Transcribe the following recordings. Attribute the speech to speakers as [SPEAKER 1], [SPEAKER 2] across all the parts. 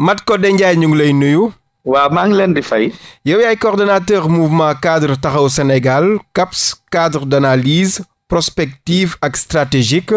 [SPEAKER 1] Mat ko Ndiaye ñu ngi lay nuyu. waaw maa ngi leen di fay. yow yaay coordonnateur mouvement cadre taxaw Sénégal CAPS cadre d'analyse prospective ak stratégique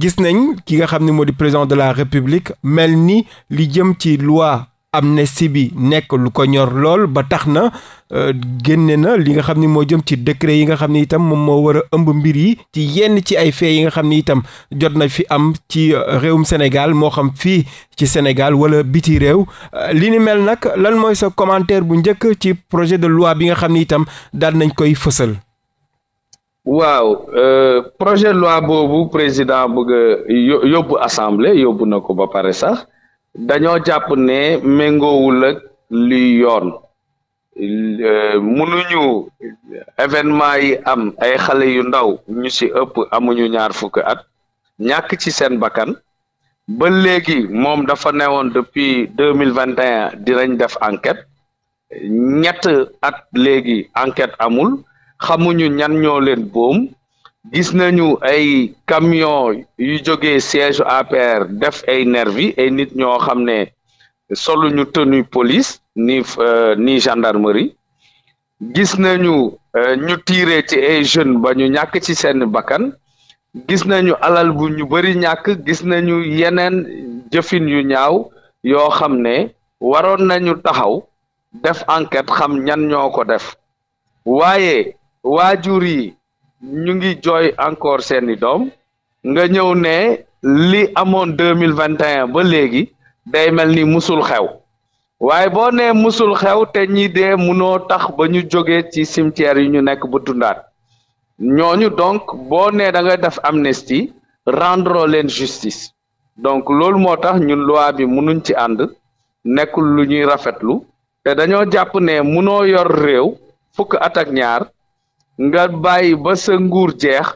[SPEAKER 1] gis nañ ki nga xam ni moo di président de la république mel ni li jëm ci loi amnistie bi nekk lu ko ñor lool ba tax na euh, génne na li nga xam ni moo jëm ci décret yi nga xam ni itam moom moo war a ëmb mbir yi ci yenn ci ay fee yi nga xam ni itam jot na fi am ci euh, réewum Sénégal moo xam fii ci Sénégal wala biti réew euh, li ni mel nag lan mooy sa commentaire bu njëkk ci projet de loi bi nga xam ni itam daal nañ koy fësal.
[SPEAKER 2] waaw euh, projet de loi boobu président bëgg a yóbbu assemblée yóbbu na ko ba pare sax. dañoo jàpp ne méngoowul ak yoon euh, mënuñu événement yi am ay xale yu ndaw ñu ci ëpp amuñu ñaar fukki at ñàkk ci seen bakkan ba léegi moom dafa newoon depuis deux mille vingt et dinañ def enquête ñett at léegi enquête amul xamuñu ñan ñoo leen boom gis nañu ay camion yu joge siège APR def ay nervi ay nit ñoo xam ne solu ñu tenue police euh, ni gendarmerie gis nañu euh, ñu tiire ci ay jeunes ba ñu ñàkk ci seen bakkan gis nañu alal bu ñu bëri ñàkk gis nañu yeneen jëfin yu ñaaw yoo xam ne waroon nañu taxaw def enquête xam ñan ñoo ko def waaye waajur ñu ngi jooy encore seeni doom nga ñëw ne li amoon deux mille vingt et ba léegi day mel ni musul xew waaye boo nee musul xew te ñi dee mënoo tax ba ñu jóge ci cimetière yi ñu nekk bu dundaat ñooñu donc boo nee da nga def amnistie rendre leen justice donc loolu moo tax ñun loi bi mënuñ ci ànd nekkul lu ñuy rafetlu te dañoo jàpp ne mënoo yor réew fukk at ak ñaar nga bàyyi ba sa nguur jeex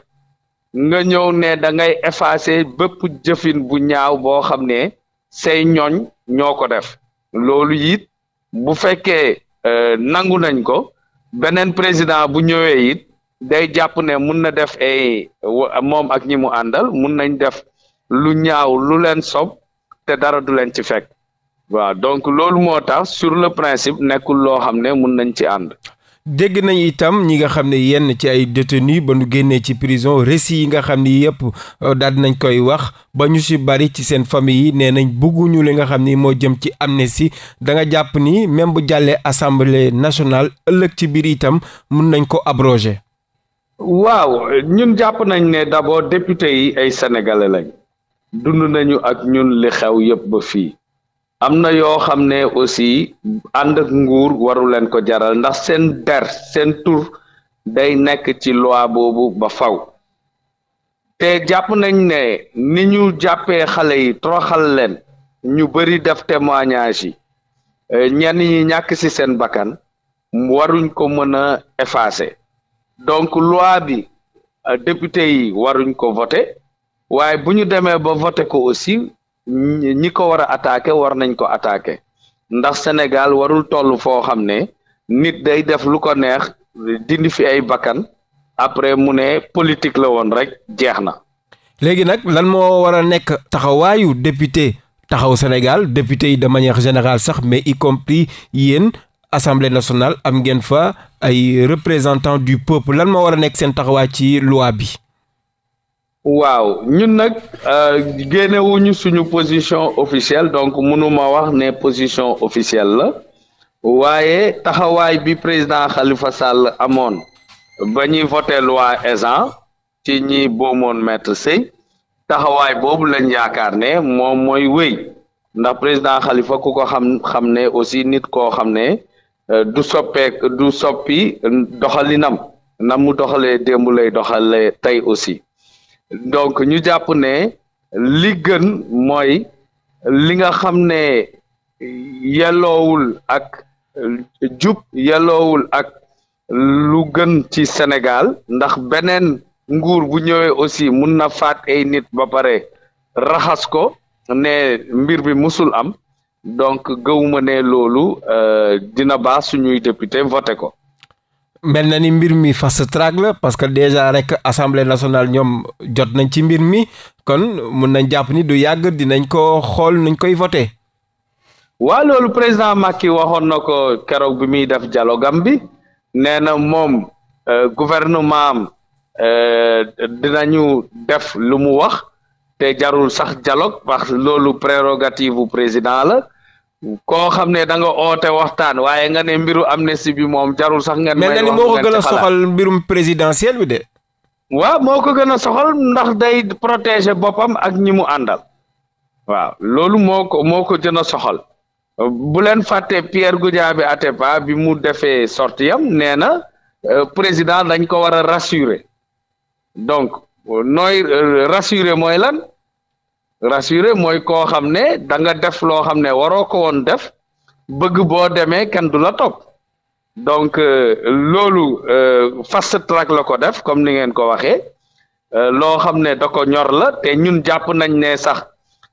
[SPEAKER 2] nga ñëw ne da ngay effacer bépp jëfin bu ñaaw boo xam ne say ñooñ ñoo ko def loolu it bu fekkee euh, nangu nañ ko beneen président bu ñëwee it day jàpp ne mun na def ay moom ak ñi mu àndal mun nañ def lu ñaaw lu leen sob te dara du leen ci fekk waaw donc loolu moo tax sur le principe nekkul loo xam ne mun nañ ci ànd
[SPEAKER 1] dégg nañu itam ñi nga xam ne yenn ci ay détenus ba nu génnee ci prison récits yi nga xam ni yëpp euh, daal nañ koy wax ba ñu si bari ci seen famille yi nee nañ bëgguñu li nga xam ni moo jëm ci amnistie da nga jàpp ni même bu jàllee assemblée nationale ëllëg ci biir itam mun nañ ko abroger.
[SPEAKER 2] waaw ñun jàpp nañ ne d'abord député yi ay sénégalais lañ dund nañu ak ñun li xew fii. am na yoo xam ne aussi ànd nguur waru leen ko jaral ndax seen der seen tur day nekk ci loi boobu ba faw te jàpp nañ ne ni ñu jàppee xale yi troxal leen ñu bëri def témoignage yi e, ñenn ñi ñàkk ci seen bakkan waruñ ko mën a effacer donc loi bi e, député yi waruñ ko voter waaye bu ñu demee ba voter ko aussi ñi ko war a attaqué war nañ ko attaqué ndax Sénégal warul toll foo xam ne nit day def lu ko neex dindi fi ay bakkan après mu ne politique la woon rek jeex na.
[SPEAKER 1] léegi nag lan moo war a nekk taxawaayu député taxaw Sénégal député yi de manière générale sax mais y compris yéen assemblée nationale am ngeen fa ay représentants du peuple lan moo war a nekk seen taxawaay ci loi bi.
[SPEAKER 2] waaw ñun nag euh, génnewuñu suñu position officielle donc mënuma wax ne position officielle la waaye taxawaay bi président Khalifa Sall amoon ba ñuy voté loi Ezzan ci ñi boomoon maître Sèye taxawaay boobu lañ yaakaar ne moom mooy wéy ndax président Khalifa ku ko xam xam ne aussi nit koo xam ne euh, du soppeek du soppi doxalinam na mu doxalee démb lay doxalee tey aussi donc ñu jàpp ne li gën mooy li nga xam ne yelloowul ak jub yelloowul ak lu gën ci Sénégal ndax beneen nguur bu ñëwee aussi mun na faat nit ba pare raxas ko ne mbir bi musul am donc gëwuma ne loolu euh, dina baax suñuy député voté ko
[SPEAKER 1] mel na ni mbir mi fast track la parce que déjà rek assemblée nationale ñoom jot nañ ci mbir mi kon mun nañ jàpp ni du yàgg dinañ ko xool nañ koy voté.
[SPEAKER 2] waa loolu président Macky waxoon na ko keroog bi muy def dialogue am bi nee na moom euh, gouvernement am euh, ñu def lu mu wax te jarul sax dialogue parce que loolu prérogative président la. koo xam ne da nga oote waxtaan waaye nga ne mbiru am ne bi moom jarul sax ngeen. may wax moo ko gën a soxal
[SPEAKER 1] mbirum présidentiel bi de. waaw moo ko gën a soxal ndax day
[SPEAKER 2] protéger boppam ak ñi mu àndal. waaw loolu moo ko moo ko gën a soxal. bu leen fàtte Pierre Goudiaby Atepa bi mu defee sorti am nee na euh, président dañ ko war a rassurer donc euh, nooy euh, rassurer mooy lan. rassuré mooy koo xam ne da nga def loo xam ne waroo ko woon def bëgg boo demee kenn du la topp donc euh, loolu euh, fast track la ko def comme ni ngeen ko waxee euh, loo xam ne da ko ñor la te ñun jàpp nañ ne sax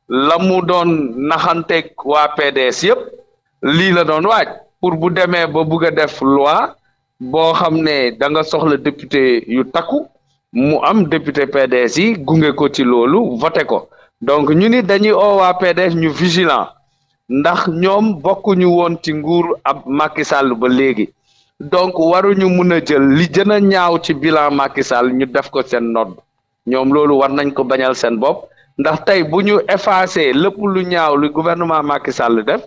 [SPEAKER 2] la mu doon naxanteeg waa PDS yëpp lii la doon waaj pour bu demee ba bugg a def loi boo xam ne da nga soxla député yu takku mu am député PDS yi gunge ko ci loolu voté ko donc ñu ni dañuy oo waa ñu vigilant ndax ñoom bokkuñu woon ci nguur ab Macky Sall ba léegi donc waruñu mun a jël li gën a ñaaw ci bilan Macky Sall ñu def ko seen nodd ñoom loolu war nañ ko bañal seen bopp ndax tey bu ñu effacé lépp lu ñaaw lu gouvernement Macky Sall def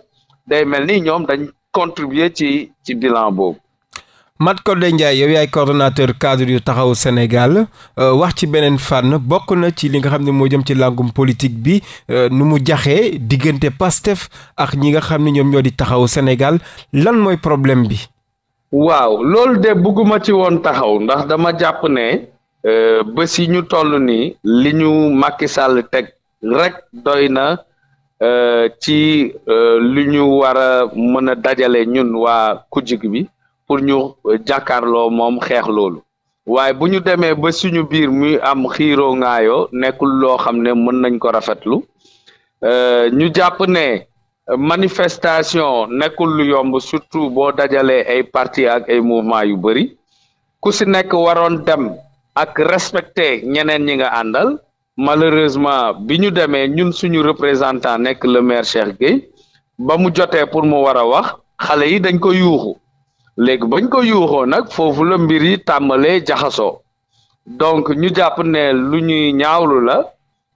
[SPEAKER 2] day mel ni ñoom dañ contribuer ci ci bilan boobu
[SPEAKER 1] Mat Codé Ndiaye yow yaay coordonnateur cadre yu taxaw Sénégal euh, wax ci beneen fànn bokk na ci li nga xam ne moo jëm ci làngum politique bi euh, nu mu jaxee diggante Pastef ak ñi nga xam ne ñoom ñoo di taxaw Sénégal lan mooy problème bi.
[SPEAKER 2] waaw loolu de bëgguma ci woon taxaw ndax dama jàpp ne euh, ba si ñu toll nii li ñu Macky Sall teg rek doy na ci lu ñu war a mën a dajale ñun waa kujj bi. pour ñu euh, jàkkaarloo moom xeex loolu waaye bu ñu demee ba suñu biir muy am xiiroo ngaayoo nekkul loo xam ne mën nañ ko rafetlu euh, ñu jàpp ne manifestation nekkul lu yomb surtout boo dajalee ay partie ak ay mouvement yu bëri ku si nekk waroon dem ak respecter ñeneen ñi nga àndal malheureusement bi ñu demee ñun suñu représentant nekk le maire Cheikh Gueye ba mu jotee pour mu war a wax xale yi dañ ko yuuxu léegi bañ ko yuuxoo nag foofu la mbir yi tàmbalee jaxasoo donc ñu jàpp ne lu ñuy ñaawlu la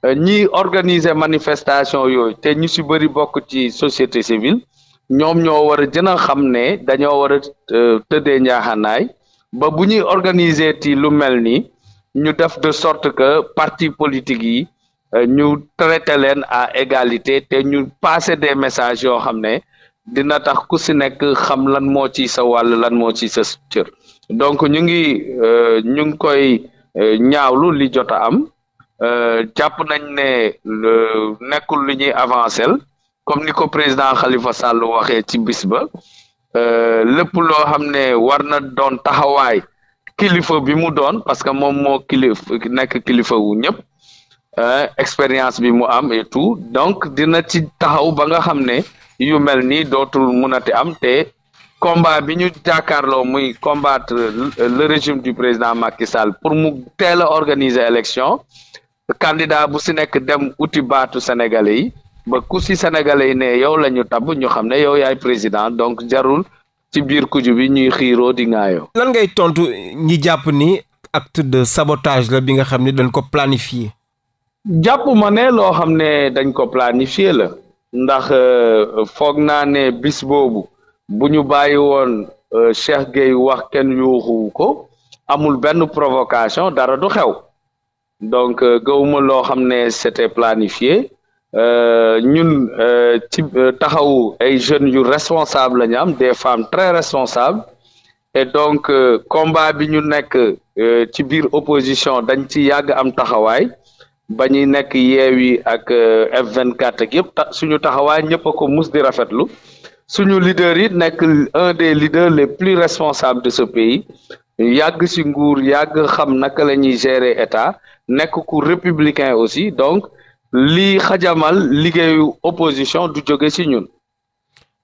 [SPEAKER 2] euh, ñiy organiser manifestation yooyu te ñu si bëri bokk ci société civile ñoom ñoo war a gën a xam ne dañoo war a euh, tëddee njaaxanaay ba bu ñuy organiser ti lu mel ni ñu def de sorte que parti politique yi euh, ñu traité leen à égalité te ñu passer des messages yoo xam ne dina tax ku si nekk xam lan moo ci sa wàll lan moo ci sa cër donc ñu ngi euh, ñu ngi koy euh, ñaawlu li jot a am euh, jàpp nañ ne nekkul lu ñuy avancer comme ni ko président Khalifa Sall waxee ci bis ba lépp loo xam ne war na doon taxawaay kilifa bi mu doon parce que moom moo kilif nekk kilifa wu ñëpp expérience bi mu am et tout donc dina ci taxaw ba nga xam ne. yu mel nii dootul munati am te combat bi ñu jàkkaarloo muy combattre le régime du président Macky Sall pour mu teel a organiser élection candidat bu si nekk dem uti baatu sénégalais yi ba ku si sénégalais yi ne yow la ñu tabb ñu xam ne yow yaay président donc jarul ci biir kuju bi ñuy xiiroo di ŋaayoo.
[SPEAKER 1] lan ngay tontu ñi jàpp ni acte de sabotage la bi nga xam ne dañ ko planifie
[SPEAKER 2] jàpp ma ne loo xam ne dañ ko planifié la. ndax euh, foog naa ne bis boobu bu ñu bàyyi woon euh, Cheikh Gueye wax kenn yuuxu ko amul benn provocation dara du xew donc euh, gëwuma loo xam ne c'était planifié ñun ci taxawu ay jeunes yu responsable la am des femmes très responsables et donc combat bi ñu nekk ci biir opposition dañ ci yàgg am taxawaay ba ñuy nekk yeewi ak euh, F24 ak yëpp suñu taxawaay ñëpp a ko mus di rafetlu suñu leader yi nekk un des leaders les plus responsables de ce pays yàgg ci nguur yàgg xam naka la ñuy gérer état nekk ku républicain aussi donc li xajamal liggéeyu opposition du jóge ci ñun.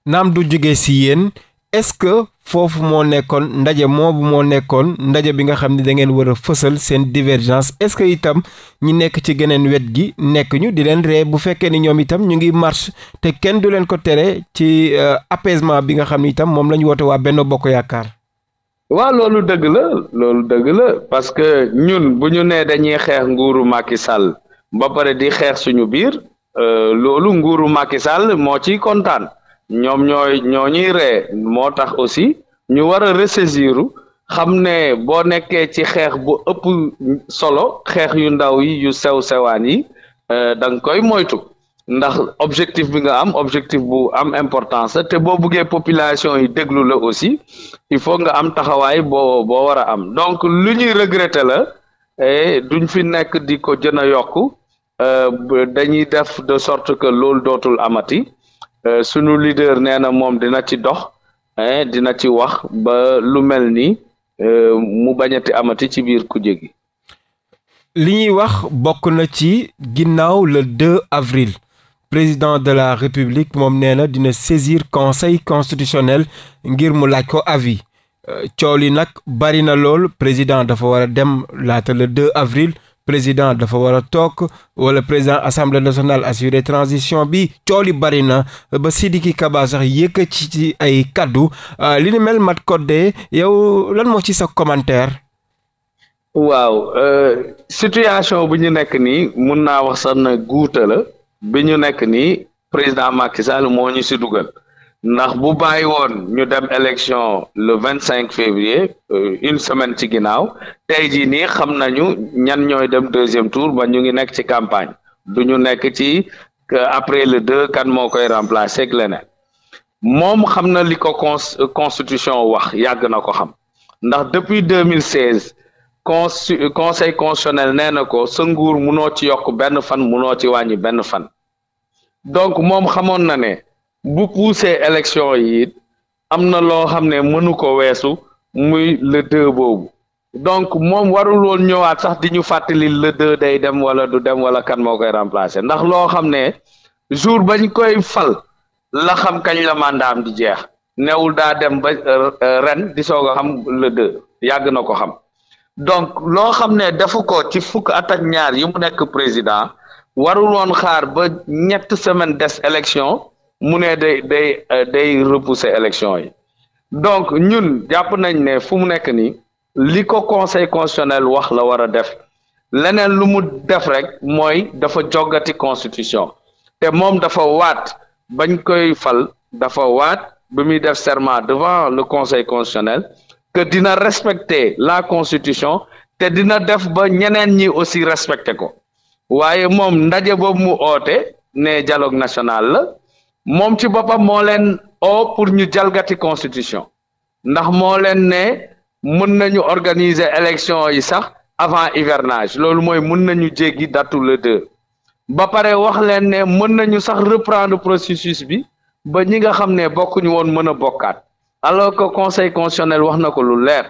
[SPEAKER 1] naam du jóge ci yéen est foofu moo nekkoon ndaje moobu moo nekkoon ndaje bi nga xam ne da ngeen war a fësal seen divergence est-ce que itam ñi nekk ci geneen wet gi nekk ñu di leen ree bu fekkee ni ñoom itam ñu ngi marche te kenn du leen ko tere ci euh, apaisement bi nga xam ni itam moom la ñu woote waa benn Bokk Yaakaar waa loolu dëgg
[SPEAKER 2] la loolu dëgg la parce que ñun bu ñu nee dañuy xeex nguuru Macky Sall ba pare di xeex suñu biir euh, loolu nguuru Macky Sall moo ciy kontaan ñoom ñoo ñoo ñuy ree moo tax aussi ñu war a ressaisir xam ne boo nekkee ci xeex bu ëpp solo xeex yu ndaw yi yu sew sewaan yi euh, da nga koy moytu ndax objectif bi nga am objectif bu am importance te boo buggee population yi déglu la aussi il faut nga am taxawaay boo boo war a am donc lu ñuy regretter la duñ fi nekk di ko jën a yokk euh, dañuy def de sorte que loolu dootul amati. Euh, sunu leader nee na moom dina ci dox dina ci wax ba lu mel ni euh, mu bañati amati ci biir ku jégi
[SPEAKER 1] li ñuy wax bokk na ci ginnaaw le 2 avril président de la république moom nee na dina saisir conseil constitutionnel ngir mu laaj ko avi euh, coow li nag bari na lool président dafa war dem laata le 2 avril président dafa war a toog wala président assemblée nationale assuré transition bi coow li bari na ba Sidiki Kaba sax yëkkati ci ay kaddu euh, li ni mel Mat Codé yow lan moo ci sa commentaire.
[SPEAKER 2] waaw euh, situation bu ñu nekk nii mun naa wax sax na guuta la bi ñu nekk nii président Macky Sall moo ñu si dugal. ndax bu bàyyi woon ñu dem élection le vingt cinq février euh, une semaine ci ginnaaw tey jii nii xam nañu ñan ñooy dem deuxième tour ba ñu ngi nekk ci campagne du ñu nekk ci après le deux kan moo koy remplacer ak leneen moom xam na li ko constitution wax yàgg na ko xam ndax depuis deux mille seize conseil constitutionnel nee na ko sa nguur munoo ci yokk benn fan munoo ci wàññi benn fan donc moom xamoon na ne. bu poussé élection yi it am na loo xam ne mënu ko weesu muy le boobu donc moom waruloon woon ñëwaat sax di ñu fàttali le day dem wala du dem wala kan moo koy remplacer ndax loo xam ne jour bañ koy fal la xam kañ la di jeex newul daa dem ba euh, euh, ren di soog a xam le yàgg na ko xam donc loo xam ne defu ko ci fukk at ak ñaar yi nekk président warul woon xaar ba ñett semaine des élection mu ne day day euh, day repousser élection yi donc ñun jàpp nañ ne fu mu nekk nii li ko conseil constitutionnel wax la war a def leneen lu mu def rek mooy dafa joggati constitution te moom dafa waat bañ koy fal dafa waat bi muy def serment devant le conseil constitutionnel que dina respecter la constitution te dina def ba ñeneen ñi aussi respecter ko waaye moom ndaje boobu mu oote ne dialogue national la moom ci boppam moo leen o pour ñu jalgati constitution ndax moo leen ne mën nañu organiser élection yi sax avant hivernage loolu mooy mën nañu jéggi datu le deux ba pare wax leen ne mën nañu sax reprendre processus bi ba ñi nga xam ne bokkuñu woon mën a bokkaat alors que conseil constitutionnel wax na ko lu leer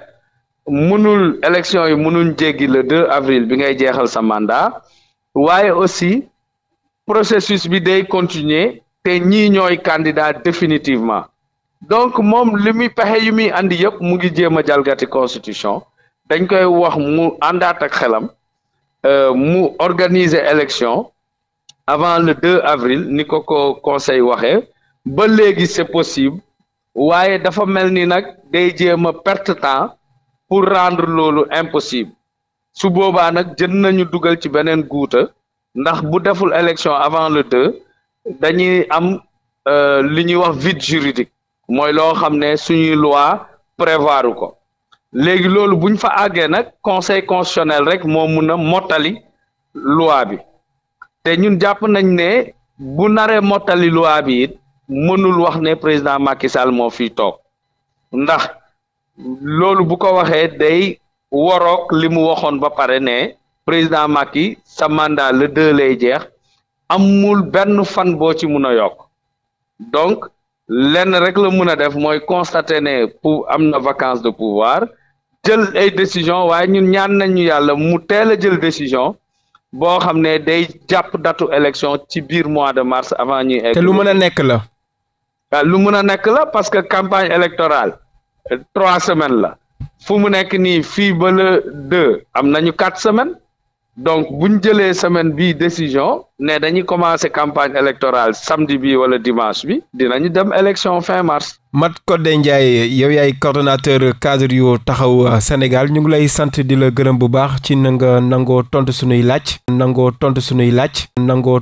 [SPEAKER 2] mënul élection yi mënuñ jéggi le 2 avril bi ngay jeexal sa mandat waaye aussi processus bi day continuer te ñii ñooy candidat définitivement donc moom li muy pexe yu muy andi yëpp mu ngi jéem a jalgati constitution dañ koy wax mu àndaat ak xelam euh, mu organiser élection avant le avril ni ko ko conseil waxee ba léegi c'est possible waaye dafa mel ni nag day jéem a perte temps pour rendre loolu impossible su boobaa nag jën nañu dugal ci beneen guuta ndax bu deful élection avant le 2 dañuy am euh, li ñuy wax vide juridique mooy loo xam ne suñuy loi prévoir ko léegi loolu buñ fa àggee nag conseil constitutionnel rek moo mun a mottali loi bi te ñun jàpp nañ ne bu naree mottali loi bi it mënul wax ne président Macky Sall moo fi toog ndax loolu bu ko waxee day woroog li mu waxoon ba pare ne président Macky sa mandat le deux lay jeex am amul benn fan boo ci mun a yokk donc lenn rek la mun a def mooy constater ne pour am na vacance de pouvoir jël ay décision waaye ñun ñaan nañu yàlla mu teel a jël décision boo xam ne day jàpp datu élection ci biir mois de mars avant ñuy egg te lu mën a nekk la ah, lu mën a nekk la parce que campagne électorale trois semaines la fu mu nekk nii fii ba le am nañu quatre semaines donc bu ñu jëlee semaine bii décision ne dañuy commencer campagne électorale samedi bi wala dimanche bi dinañu dem élection fin mars.
[SPEAKER 1] Mat Codé Ndiaye yow yaay coordonnateur cadre yu taxaw Sénégal ñu ngi lay sant di la gërëm bu baax ci na nga nangoo tontu sunuy laaj. nangoo tontu sunuy laaj. nangoo